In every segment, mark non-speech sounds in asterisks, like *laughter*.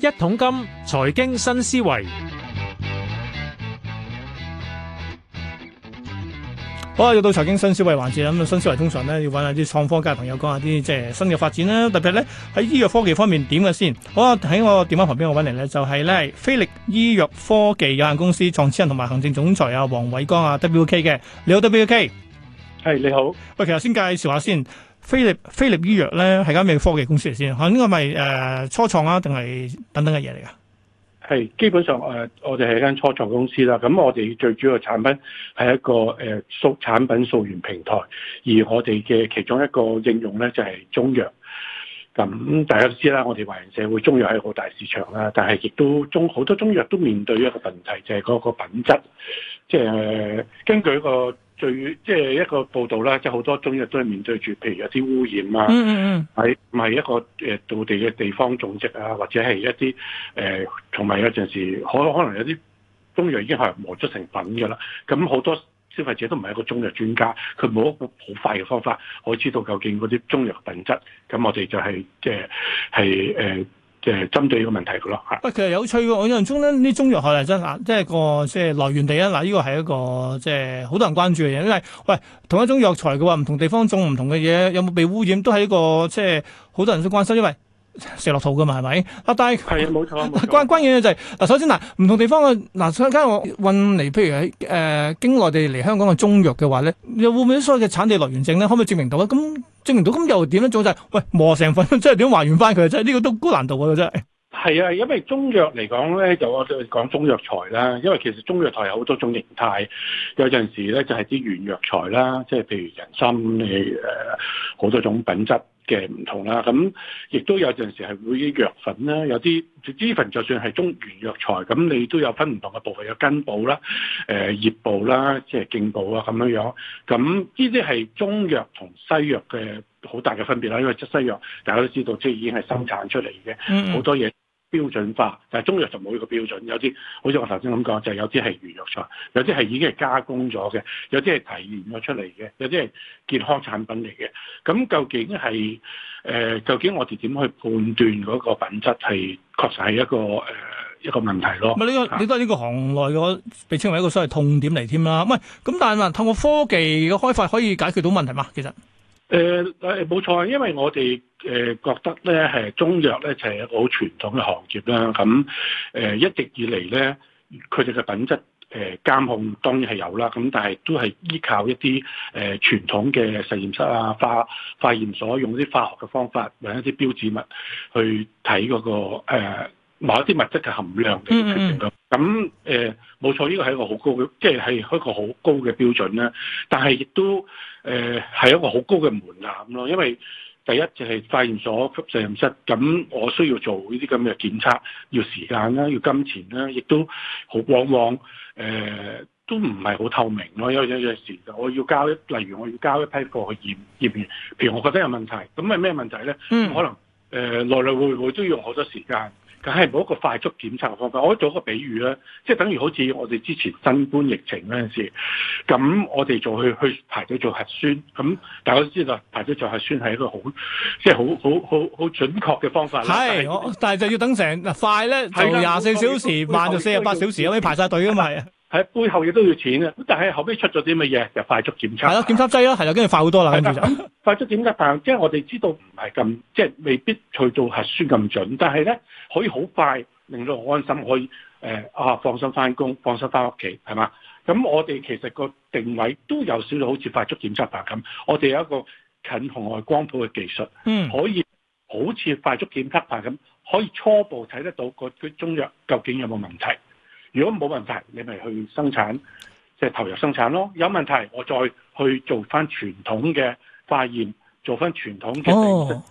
一桶金財經新思維，好啊！又到財經新思維環節啦。咁、嗯、新思維通常咧要搵下啲創科界朋友講下啲即係新嘅發展啦。特別咧喺醫藥科技方面點嘅先？好啊！喺我電話旁邊，我搵嚟咧就係、是、咧斐歷醫藥科技有限公司創始人同埋行政總裁偉江啊，黃偉江啊，WK 嘅。你好，WK，係、hey, 你好。喂，其實先介紹下先。斐歷斐歷醫藥咧係間咩科技公司嚟先？吓，呢個咪誒初創啊，定係等等嘅嘢嚟噶？係基本上誒、呃，我哋係間初創公司啦。咁我哋最主要產品係一個誒數、呃、產品溯源平台，而我哋嘅其中一個應用咧就係、是、中藥。咁大家都知啦，我哋華人社會中藥係好大市場啦，但係亦都中好多中藥都面對一個問題，就係、是、嗰個品質。即係、就是呃、根據一個最即係一個報道啦，即係好多中藥都係面對住，譬如有啲污染啊，係唔係一個誒當、呃、地嘅地方種植啊，或者係一啲誒同埋有陣時可可能有啲中藥已經係磨出成品㗎啦。咁好多消費者都唔係一個中藥專家，佢冇一個好快嘅方法可以知道究竟嗰啲中藥品質。咁我哋就係、是、即係係誒。即係針對呢個問題嘅咯嚇。不過其實有趣喎，我印象中咧，啲中藥海嚟珍啊，即係個即係來源地啊，嗱呢個係一個即係好多人關注嘅嘢，因為喂同一種藥材嘅話，唔同地方種唔同嘅嘢，有冇被污染都係一個即係好多人都關心，因為。食落肚噶嘛，係咪？啊，但係係啊，冇錯。 *noise* *laughs* 關關鍵嘅就係、是、嗱，首先嗱，唔同地方嘅嗱，而家我運嚟，譬如喺誒經內地嚟香港嘅中藥嘅話咧，又會唔會所謂嘅產地來源證咧，可唔可以證明到咧？咁、嗯、證明到，咁又點樣？做、就是？就係喂磨成粉，即係點還原翻佢即係呢個都高難度嘅啫。真係。係啊，因為中藥嚟講咧，就我哋講中藥材啦，因為其實中藥材有好多種形態，有陣時咧就係啲原藥材啦，即係譬如人參，你誒好多種品質。嘅唔同啦，咁亦都有陣時係會啲藥粉啦，有啲呢份就算係中原藥材，咁你都有分唔同嘅部位，有根部啦，誒葉部啦，即係莖部啊咁樣樣。咁呢啲係中藥同西藥嘅好大嘅分別啦，因為即西藥大家都知道，即係已經係生產出嚟嘅好多嘢。標準化，但係中藥就冇呢個標準，有啲好似我頭先咁講，就係、有啲係原藥材，有啲係已經係加工咗嘅，有啲係提煉咗出嚟嘅，有啲係健康產品嚟嘅。咁究竟係誒、呃、究竟我哋點去判斷嗰個品質係確實係一個誒、呃、一個問題咯？唔係呢個，你覺得呢個行內嘅被稱為一個所謂痛點嚟添啦。唔係咁，但係透過科技嘅開發可以解決到問題嘛？其實？誒誒冇錯，因為我哋誒覺得咧係中藥咧就係好傳統嘅行業啦。咁誒一直以嚟咧，佢哋嘅品質誒監控當然係有啦。咁但係都係依靠一啲誒傳統嘅實驗室啊，化化驗所，用啲化學嘅方法，揾一啲標誌物去睇嗰、嗰個、呃、某一啲物質嘅含量等等。嗯嗯嗯咁誒冇錯，呢個係一個好高嘅，即係係一個好高嘅標準啦。但係亦都誒係一個好高嘅門檻咯。因為第一就係、是、發現咗吸實驗室，咁我需要做呢啲咁嘅檢測，要時間啦，要金錢啦，亦都好往往誒、呃、都唔係好透明咯。有有有時，我要交一例如我要交一批過去驗驗，譬如我覺得有問題，咁係咩問題咧？嗯、可能誒來來回回都要用好多時間。係冇一個快速檢測嘅方法，我可以做一個比喻咧，即係等於好似我哋之前新冠疫情嗰陣時，咁我哋就去去排隊做核酸，咁大家都知道排隊做核酸係一個好，即係好好好好準確嘅方法啦。係，但係就要等成快咧，就廿四小時，的慢就四十八小時，可以排晒隊啊嘛，係啊。 *laughs* *laughs* 係背後亦都要錢啊！但係後尾出咗啲乜嘢就快速檢測係咯，檢測劑咯，係 *noise* 啊，跟住、啊、快好多啦。咁 *noise* 快速檢測但即係我哋知道唔係咁，即係未必去做到核酸咁準，但係咧可以好快令到我安心，可以誒、呃、啊放心翻工，放心翻屋企，係嘛？咁我哋其實個定位都有少少好似快速檢測法咁，我哋有一個近紅外光譜嘅技術，嗯，可以好似快速檢測法咁，可以初步睇得到個個中藥究竟有冇問題。如果冇問題，你咪去生產，即係投入生產咯。有問題，我再去做翻傳統嘅化驗，做翻傳統嘅。哦，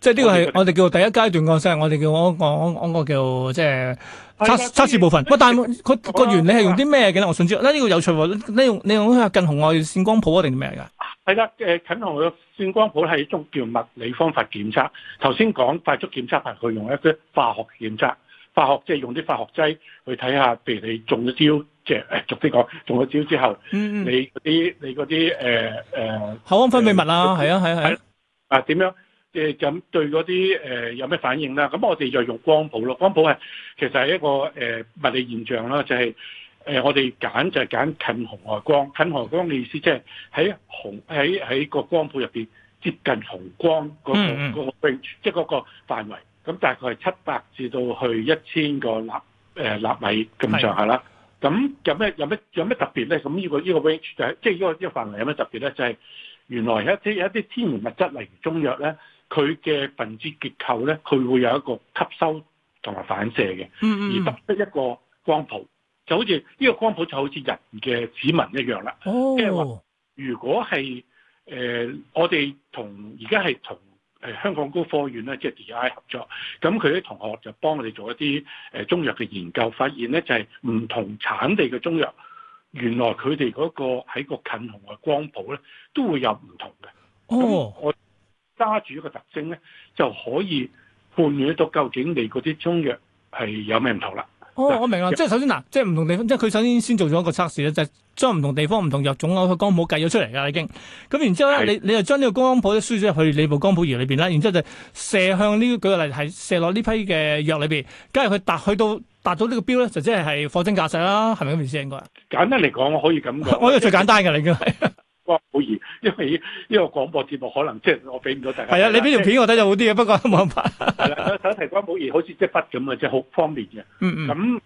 即係呢個係我哋叫第一階段嘅，即我哋叫我講講個叫即係測測試部分。喂，但係佢個原理係用啲咩嘅咧？我想知道。呢個有趣喎，你用你用近紅外線光譜啊，定咩嚟㗎？係啦，誒近紅外線光譜係一種叫物理方法檢測。頭先講快速檢測係佢用一啲化學檢測。化學即係用啲化學劑去睇下，譬如你中咗招，即係誒逐啲講，中咗招之後，你嗰啲你嗰啲誒誒，口腔、呃嗯、分泌物啊，係啊係啊係啊，啊點、嗯、樣？誒、呃、咁對嗰啲誒有咩反應啦？咁我哋就用光譜咯。光譜係其實係一個誒、呃、物理現象啦，就係、是、誒、呃、我哋揀就係揀近紅外光。近紅外光嘅意思即係喺紅喺喺個光譜入邊接近紅光嗰、那個那個那個、即係嗰個範圍。嗯嗯。咁大概係七百至到去一千個納誒、呃、納米咁上下啦。咁的有咩有咩有咩特別咧？咁呢個呢個 range 就係即係呢個呢個範圍有咩特別咧？就係、是、原來有一啲一啲天然物質，例如中藥咧，佢嘅分子結構咧，佢會有一個吸收同埋反射嘅，嗯嗯而突出一個光譜，就好似呢個光譜就好似人嘅指紋一樣啦。即係話如果係誒、呃、我哋同而家係同。誒香港高科院咧，即係 D I 合作，咁佢啲同學就幫我哋做一啲誒中藥嘅研究，發現咧就係唔同產地嘅中藥，原來佢哋嗰個喺個近紅嘅光譜咧都會有唔同嘅，咁、oh. 我揸住一個特徵咧，就可以判斷得到究竟你嗰啲中藥係有咩唔同啦。哦，我明啦，即係首先嗱，即係唔同地方，即係佢首先先做咗一個測試咧，就係將唔同地方唔同藥種嗰的個光譜計咗出嚟噶已經，咁然之後咧，你你就將呢個光譜都輸咗去你部光譜儀裏邊啦，然之後就射向呢、這個，舉個例係射落呢批嘅藥裏邊，假如佢達去到達到呢個標咧，就即係係貨真價實啦，係咪咁意思應該？簡單嚟講，我可以咁講。 *laughs* 我呢個最簡單嘅嚟嘅。是 *laughs* 光譜儀，因為呢個廣播節目可能即係我俾唔到大家。係啊的，但你俾條片我睇就好啲啊。不過都冇辦法， *laughs* 手提光譜儀好似即係筆咁啊，即係好方便嘅。嗯嗯。咁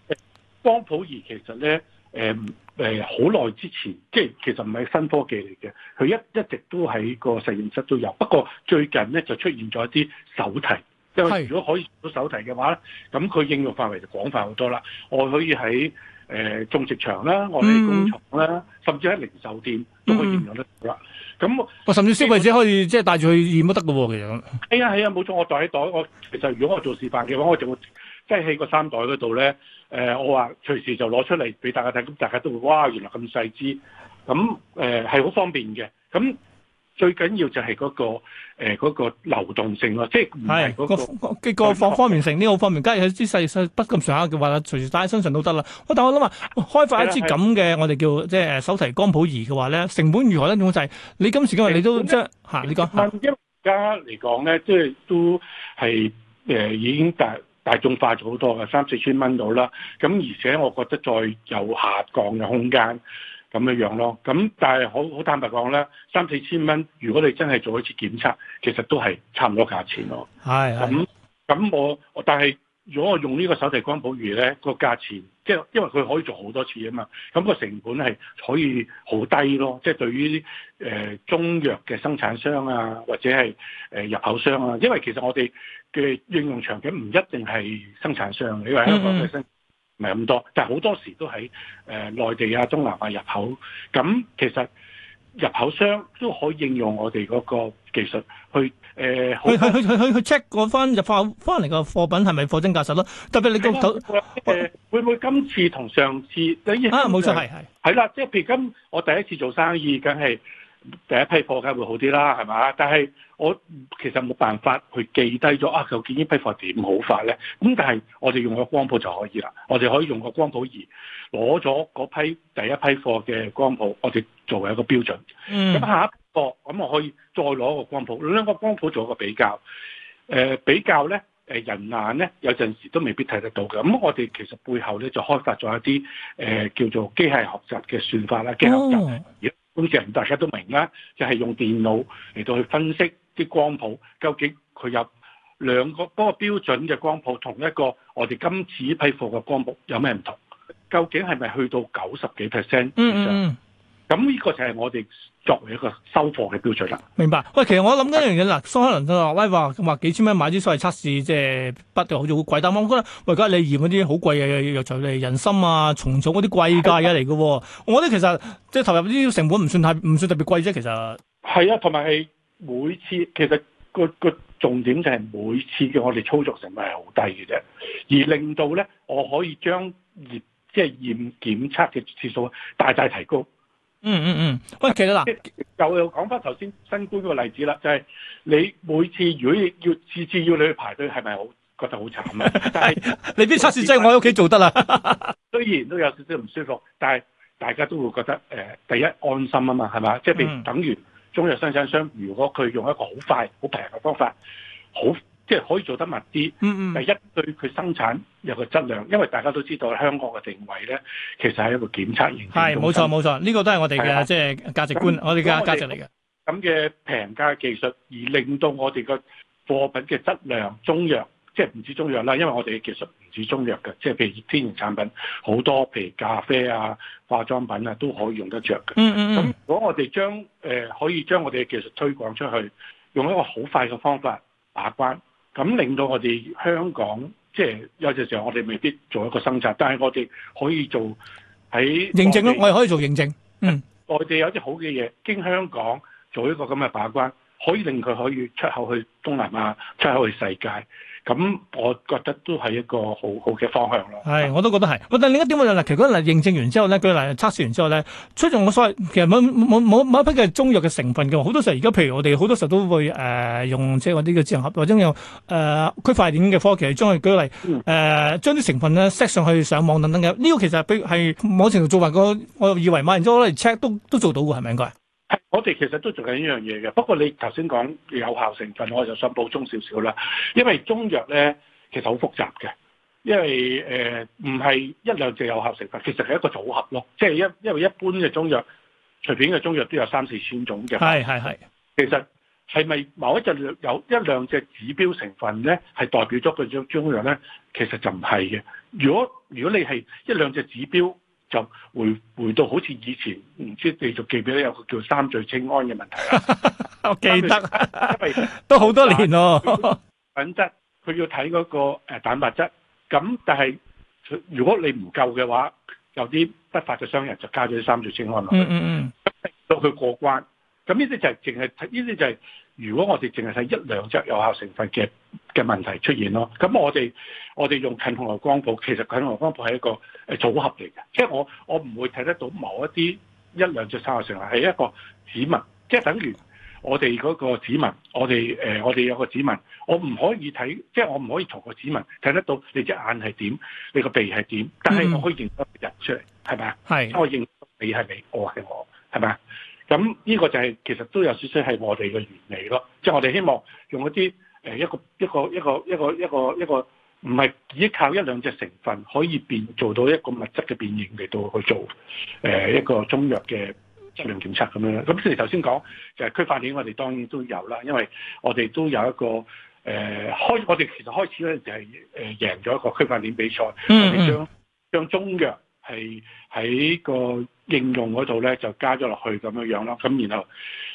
光譜儀其實咧，誒、呃、誒，好耐之前，即係其實唔係新科技嚟嘅，佢一一直都喺個實驗室都有。不過最近咧就出現咗啲手提，因為如果可以做到手提嘅話咧，咁佢應用範圍就廣泛好多啦。我可以喺。誒、呃、種植場啦，我哋工廠啦，嗯、甚至喺零售店都可以應用得到啦。咁、嗯，嗯啊、甚至消費者可以，以即係帶住去驗都得嘅喎。其實，哎呀係啊，冇、啊啊、錯，我袋喺袋。我其實如果我做示範嘅話，我仲即係喺個衫袋嗰度咧。誒、呃，我話隨時就攞出嚟俾大家睇，咁大家都會哇，原來咁細支，咁誒係好方便嘅。咁、嗯最緊要就係嗰個誒、呃嗰個、流動性咯，即係係嗰個方的方便性呢個方面，便，加上啲細細不咁上下嘅話啦，隨時帶喺身上都得啦。哇！但我諗話開發一支咁嘅我哋叫即係手提光譜儀嘅話咧，成本如何咧？點就係、係、你今時今日你都即係嚇你講，因為而家嚟講咧，即係都係誒已經大大眾化咗好多嘅三四千蚊到啦。咁而且我覺得再有下降嘅空間。咁樣樣咯，咁但係好好坦白講咧，三四千蚊，如果你真係做一次檢測，其實都係差唔多價錢咯。係咁咁我，但係如果我用呢個手提光譜儀咧，這個價錢即係因為佢可以做好多次啊嘛。咁、那個成本係可以好低咯。即係對於誒、呃、中藥嘅生產商啊，或者係誒、呃、入口商啊，因為其實我哋嘅應用場景唔一定係生產商，你話香港嘅生唔係咁多，但係好多時都喺誒內地啊、中南亞入口。咁、嗯、其實入口商都可以應用我哋嗰個技術去誒。去去去去去 check 過翻入貨翻嚟嘅貨品係咪貨真價實咯？特別你到手誒，會唔會今次同上次？啊，冇錯、嗯，係係係啦。即係譬如今我第一次做生意，梗係。第一批貨梗係會好啲啦，係嘛？但係我其實冇辦法去記低咗啊！究竟呢批貨點好法咧？咁但係我哋用個光譜就可以啦，我哋可以用個光譜儀攞咗嗰批第一批貨嘅光譜，我哋作為一個標準。咁、嗯啊、下一批貨，咁、啊、我可以再攞個光譜，兩個光譜做一個比較。誒、呃、比較咧，誒人眼咧有陣時都未必睇得到嘅。咁、嗯、我哋其實背後咧就開發咗一啲誒、呃、叫做機械學習嘅算法啦，機械學習。嗯董大家都明啦，就係用電腦嚟到去分析啲光譜，究竟佢有兩個嗰個標準嘅光譜，同一個我哋今次批貨嘅光譜有咩唔同？究竟係咪去到九十幾 percent 以上？咁呢個就係我哋作為一個收貨嘅標準啦。明白。喂，其實我諗緊一樣嘢啦，蘇克倫就話喂，話話幾千蚊買啲所謂測試即係筆，好似好貴。但係我覺得喂，而家你驗嗰啲好貴嘅藥材，你人參啊、蟲草嗰啲貴價嘢嚟嘅。是我覺得其實即係投入啲成本唔算太唔算特別貴啫。其實係啊，同埋係每次其實個個重點就係每次嘅我哋操作成本係好低嘅啫，而令到咧我可以將驗即係驗檢測嘅次數大，大大提高。嗯嗯嗯，喂，其實嗱，又又講翻頭先新冠嗰個例子啦，就係、是、你每次如果要次次要你去排隊，係咪好覺得好慘咧？但係 *laughs* 你啲測試劑我喺屋企做得啦， *laughs* 雖然都有少少唔舒服，但係大家都會覺得誒、呃、第一安心啊嘛，係咪？即係譬如等於中藥生產商，如果佢用一個好快、好平嘅方法，好。即係可以做得密啲，係、嗯嗯、一對佢生產有個質量，因為大家都知道香港嘅定位咧，其實係一個檢測認證。冇錯冇錯，呢、這個都係我哋嘅的即係價值觀，嗯、我哋嘅價值嚟嘅。咁嘅平價技術而令到我哋嘅貨品嘅質量，中藥即係唔止中藥啦，因為我哋嘅技術唔止中藥嘅，即係譬如天然產品好多，譬如咖啡啊、化妝品啊，都可以用得着嘅。嗯嗯咁、嗯、如果我哋將誒、呃、可以將我哋嘅技術推廣出去，用一個好快嘅方法把關，關。咁令到我哋香港即係有陣時候我哋未必做一個生產，但係我哋可以做喺認證咯，我哋可以做認證。嗯，外地有啲好嘅嘢，經香港做一個咁嘅把關，可以令佢可以出口去東南亞，出口去世界。咁，我覺得都係一個好好嘅方向咯。係，我都覺得係。我但另一點話就嗱、是，其實嗰個嗱認證完之後咧，舉例測試完之後咧，出咗我所謂其實某某某，某某某一批嘅中藥嘅成分嘅，好多時候而家譬如我哋好多時候都會誒用即係我啲嘅智能盒或者用誒、呃、區塊鏈嘅科技嚟將佢舉例誒將啲成分咧 set 上去上網等等嘅，呢、呢個其實比係某程度做埋個我嘅二維碼，然之後攞嚟 check 都都，都做到嘅，係咪應該？我哋其實都做緊呢樣嘢嘅，不過你頭先講有效成分，我就想補充少少啦。因為中藥咧其實好複雜嘅，因為誒唔係一兩隻有效成分，其實係一個組合咯。即係一因為一般嘅中藥，隨便嘅中藥都有三四千種嘅。係係係。其實係咪某一隻有一兩隻指標成分咧，係代表咗佢種中藥咧？其實就唔係嘅。如果如果你係一兩隻指標，就回回到好似以前，唔知你哋記唔記得有個叫三聚氰胺嘅問題啦。 *laughs* 我記得， *laughs* 因為都好多年咯。品質佢要睇嗰個誒蛋白質，咁但係如果你唔夠嘅話，有啲不法嘅商人就加咗啲三聚氰胺落去，令到佢過關。咁呢啲就係淨係呢啲就係、是。如果我哋淨係睇一兩隻有效成分嘅嘅問題出現咯，咁我哋我哋用近紅外光譜，其實近紅外光譜係一個誒組合嚟嘅，即係我我唔會睇得到某一啲一兩隻生化成分，係一個指紋，即係等於我哋嗰個指紋，我哋誒、呃、我哋有個指紋，我唔可以睇，即係我唔可以同個指紋睇得到你隻眼係點，你個鼻係點，但係我可以認出人出嚟，係咪啊？係是，我認你係你，我係我，係咪啊？咁呢個就係、是、其實都有少少係我哋嘅原理咯，即、就、係、是、我哋希望用一啲誒、呃、一個一個一個一個一個一個唔係依靠一兩隻成分可以變做到一個物質嘅變形嚟到去做誒、呃、一個中藥嘅質量檢測咁樣。咁正如頭先講，就係、是、區塊鏈，我哋當然都有啦，因為我哋都有一個誒、呃、開，我哋其實開始嗰陣時係誒贏咗一個區塊鏈比賽，嗯嗯我哋將將中藥係喺、個。應用嗰度咧就加咗落去咁樣樣咯，咁然後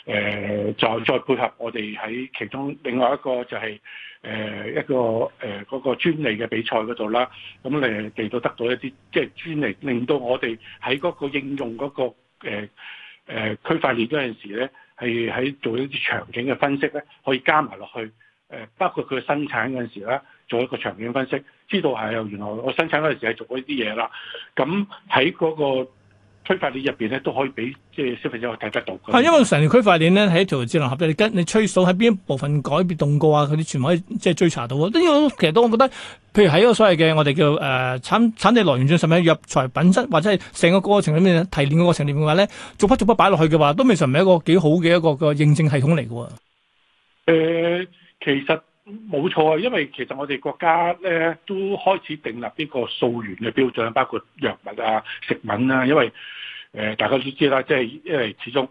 誒再、呃、再配合我哋喺其中另外一個就係、是、誒、呃、一個誒嗰、呃那個專利嘅比賽嗰度啦，咁嚟嚟到得到一啲即係專利，令到我哋喺嗰個應用嗰、那個誒誒、呃呃、區塊鏈嗰陣時咧，係喺做一啲場景嘅分析咧，可以加埋落去誒，包括佢生產嗰陣時咧做一個場景分析，知道係、哎、原來我生產嗰陣時係做過呢啲嘢啦，咁喺嗰個。區塊鏈入邊咧都可以俾即係消費者去睇得到，係因為成條區塊鏈咧係一條智能合約，你跟你吹數喺邊一部分改變動過啊，佢哋全部可以即係追查到。啊。呢個其實都我覺得，譬如喺一個所謂嘅我哋叫誒產產地來源證，甚至係藥材品質或者係成個過程裏面提煉嘅過程裏面話咧，逐筆逐筆擺落去嘅話，都未嘗唔係一個幾好嘅一個嘅認證系統嚟嘅。誒、呃，其實。冇錯啊，因為其實我哋國家咧都開始訂立呢個溯源嘅標準，包括藥物啊、食品啦、啊。因為誒、呃、大家都知啦，即係因為始終誒、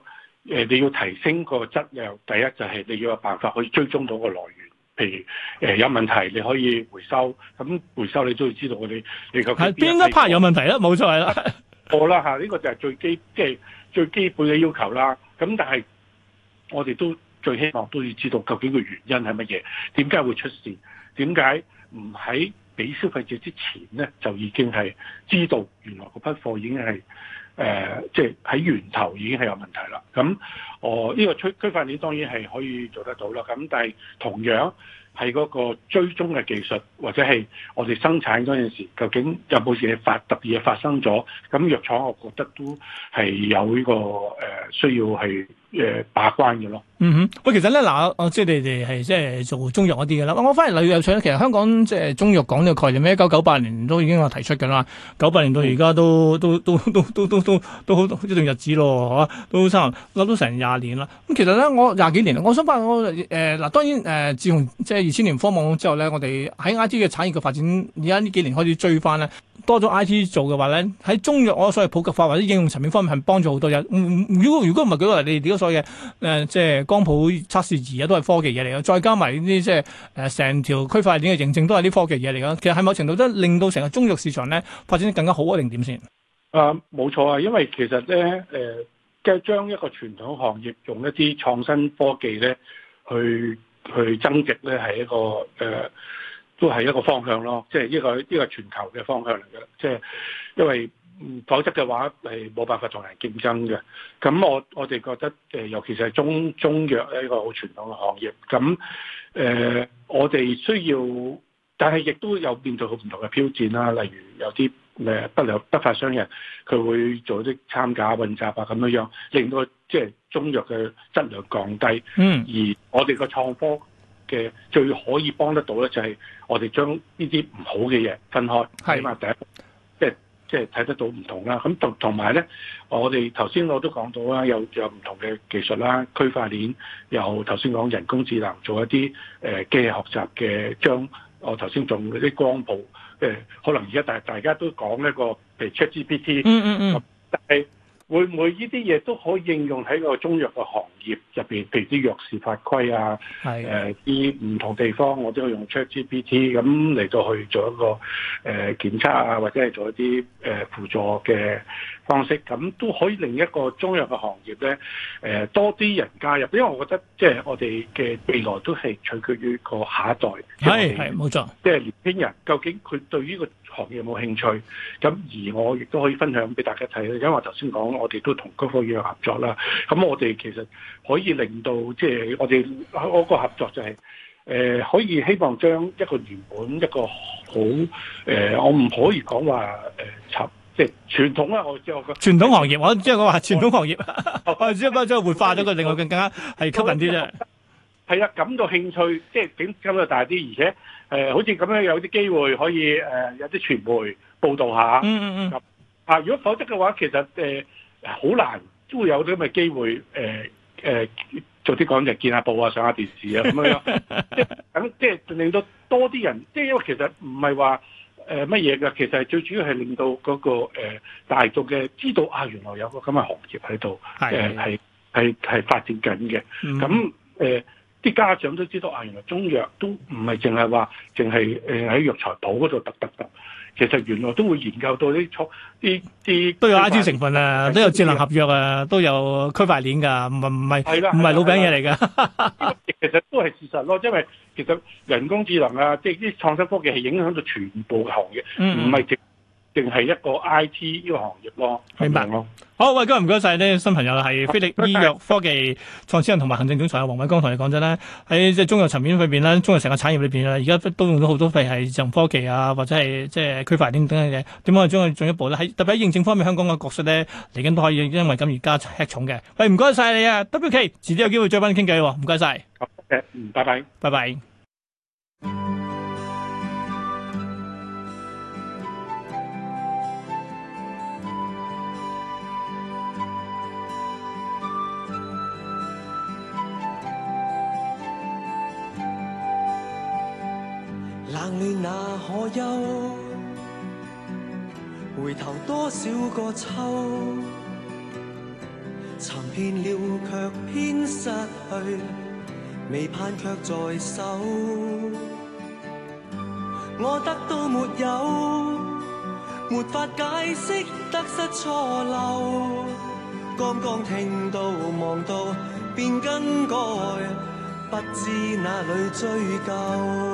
呃、你要提升個質量，第一就係你要有辦法去追蹤到個來源。譬如誒、呃、有問題，你可以回收，咁回收你都要知道我哋你究竟邊一 part 有問題啦。冇錯啦，好啦吓，呢 *laughs* 個就係最基即係最基本嘅要求啦。咁但係我哋都。最希望都要知道究竟個原因係乜嘢，點解會出事，點解唔喺俾消費者之前呢就已經係知道原來嗰批貨已經係誒即係喺源頭已經係有問題啦。咁哦呢個區區塊鏈當然係可以做得到啦。咁但係同樣。係嗰個追蹤嘅技術，或者係我哋生產嗰陣時，究竟有冇嘢發，特別嘢發生咗？咁藥廠，我覺得都係有呢個誒需要係誒把關嘅咯。嗯哼，喂，其實咧嗱，我即係你哋係即係做中藥嗰啲嘅啦。我反而例如藥廠咧，其實香港即係中藥講嘅概念，一九九八年都已經話提出嘅啦。九八年到而家都都都都都都都都好一段日子咯，嚇都差唔多諗咗成廿年啦。咁其實咧，我廿幾年，我想問我誒嗱，當然誒，自從即係。二千年科網之後咧，我哋喺 I T 嘅產業嘅發展，而家呢幾年開始追翻咧，多咗 I T 做嘅話咧，喺中藥我所謂普及化或者應用層面方面係幫助好多嘅、嗯嗯。如果如果唔係佢話你哋點解所謂嘅誒，即、呃、係、就是、光譜測試儀啊，都係科技嘢嚟嘅。再加埋呢啲即係誒，成條區塊鏈嘅認證都係啲科技嘢嚟嘅。其實喺某程度都令到成個中藥市場咧發展得更加好啊，定點先？啊，冇錯啊，因為其實咧誒，即係將一個傳統行業用一啲創新科技咧去。去增值咧係一個誒、呃，都係一個方向咯，即係呢、這個呢、這個全球嘅方向嚟嘅，即係因為否則嘅話係冇辦法同人競爭嘅。咁我我哋覺得誒、呃，尤其是係中中藥呢個好傳統嘅行業，咁誒、呃、我哋需要。但係亦都有變做好唔同嘅挑戰啦，例如有啲誒不良不法商人，佢會做啲參假混雜啊咁樣樣，令到即係中藥嘅質量降低。嗯，而我哋個創科嘅最可以幫得到咧，就係我哋將呢啲唔好嘅嘢分開，是起碼第一即係即係睇得到唔同啦。咁同同埋咧，我哋頭先我都講到啦，有有唔同嘅技術啦，區塊鏈，有頭先講人工智能做一啲誒機器學習嘅將。我頭先仲嗰啲光譜誒，可能而家大大家都講一個譬如 ChatGPT 嗯 *noise* 嗯嗯，但係。會唔會呢啲嘢都可以應用喺個中藥嘅行業入邊？譬如啲藥事法規啊，誒啲唔同地方，我都可以用 ChatGPT 咁嚟到去做一個誒、呃、檢測啊，或者係做一啲誒、呃、輔助嘅方式，咁都可以令一個中藥嘅行業咧誒、呃、多啲人加入。因為我覺得即係、就是、我哋嘅未來都係取決於個下一代，係，係冇錯。即係年輕人究竟佢對於、這個行業有冇興趣？咁而我亦都可以分享俾大家睇。因為我頭先講，我哋都同高科技有合作啦。咁我哋其實可以令到即係我哋嗰個合作就係、是、誒、呃、可以希望將一個原本一個好誒、呃，我唔可以講話誒沉，即、呃、係傳統啊！我知我個傳統行業，我即係講話傳統行業，即係將佢活化咗，個令外更加係吸引啲啫。係啊、嗯嗯嗯嗯嗯嗯嗯，感到興趣，即係點感嘅大啲，而且。誒、呃，好似咁樣有啲機會可以誒、呃，有啲傳媒報導下。嗯嗯嗯。啊，如果否則嘅話，其實誒好、呃、難都會有啲咁嘅機會誒誒，做啲講就見下報啊，上下電視啊咁樣樣。即係等，即係令到多啲人，即係因為其實唔係話誒乜嘢㗎，其實最主要係令到嗰、那個、呃、大眾嘅知道啊，原來有個咁嘅行業喺度，誒係係係發展緊嘅。嗯。咁誒。啲家長都知道啊，原來中藥都唔係淨係話，淨係誒喺藥材鋪嗰度得得得。其實原來都會研究到啲初啲啲都有 I T 成分啊，是都有智能合約啊，啊都有區塊鏈噶，唔係唔係唔係老餅嘢嚟㗎。其實都係事實咯，因為其實人工智能啊，即係啲創新科技係影響到全部行業，唔係直。定係一個 I T 呢個行業咯，明白咯。好，喂，今日唔該晒。呢新朋友係斐歷是醫藥科技創始人同埋行政總裁啊，黃偉江同你講真咧，喺即係中藥層面裏邊咧，中藥成個產業裏邊咧，而家都用咗好多係係像科技啊，或者係即係區塊鏈等等嘅嘢。點解將佢進一步咧？喺特別喺認證方面，香港嘅角色咧嚟緊都可以因為咁而加吃重嘅。喂，唔該晒你啊，W K，遲啲有機會再翻傾偈喎，唔該晒，拜拜，拜拜。冷暖哪可休，回頭多少個秋，尋遍了卻偏失去，未盼卻在手。我得到沒有，沒法解釋得失錯漏。剛剛聽到望到便更改，不知哪裏追究。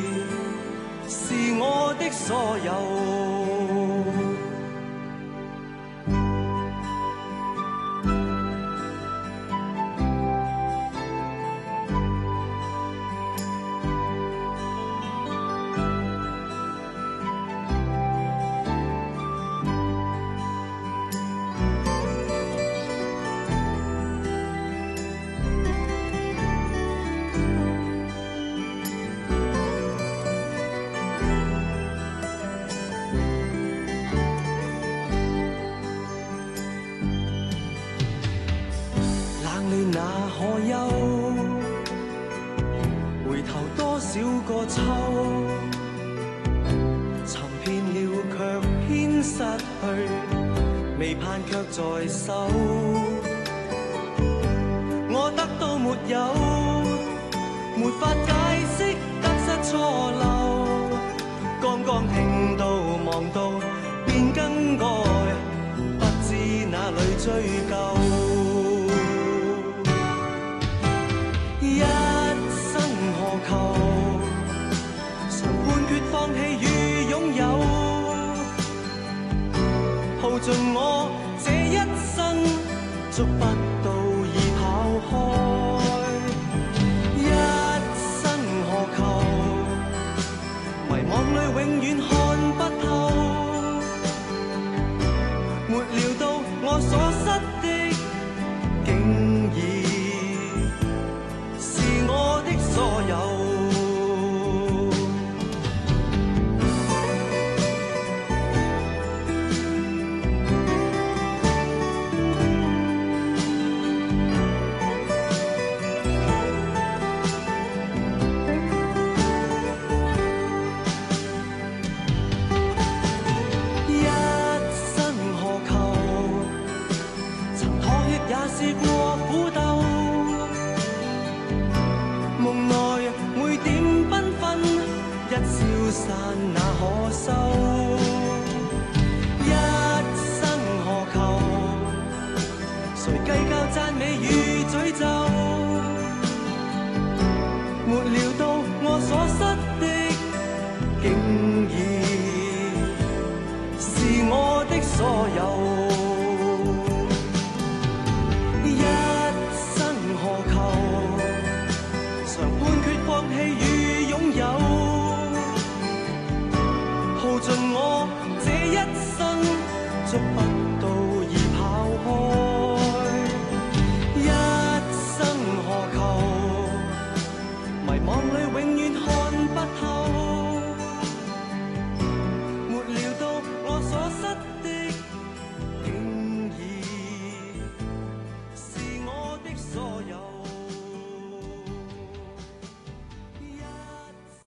是我的所有。追究，一生何求？常判決放棄與擁有，耗盡我這一生，足不所有。Oh,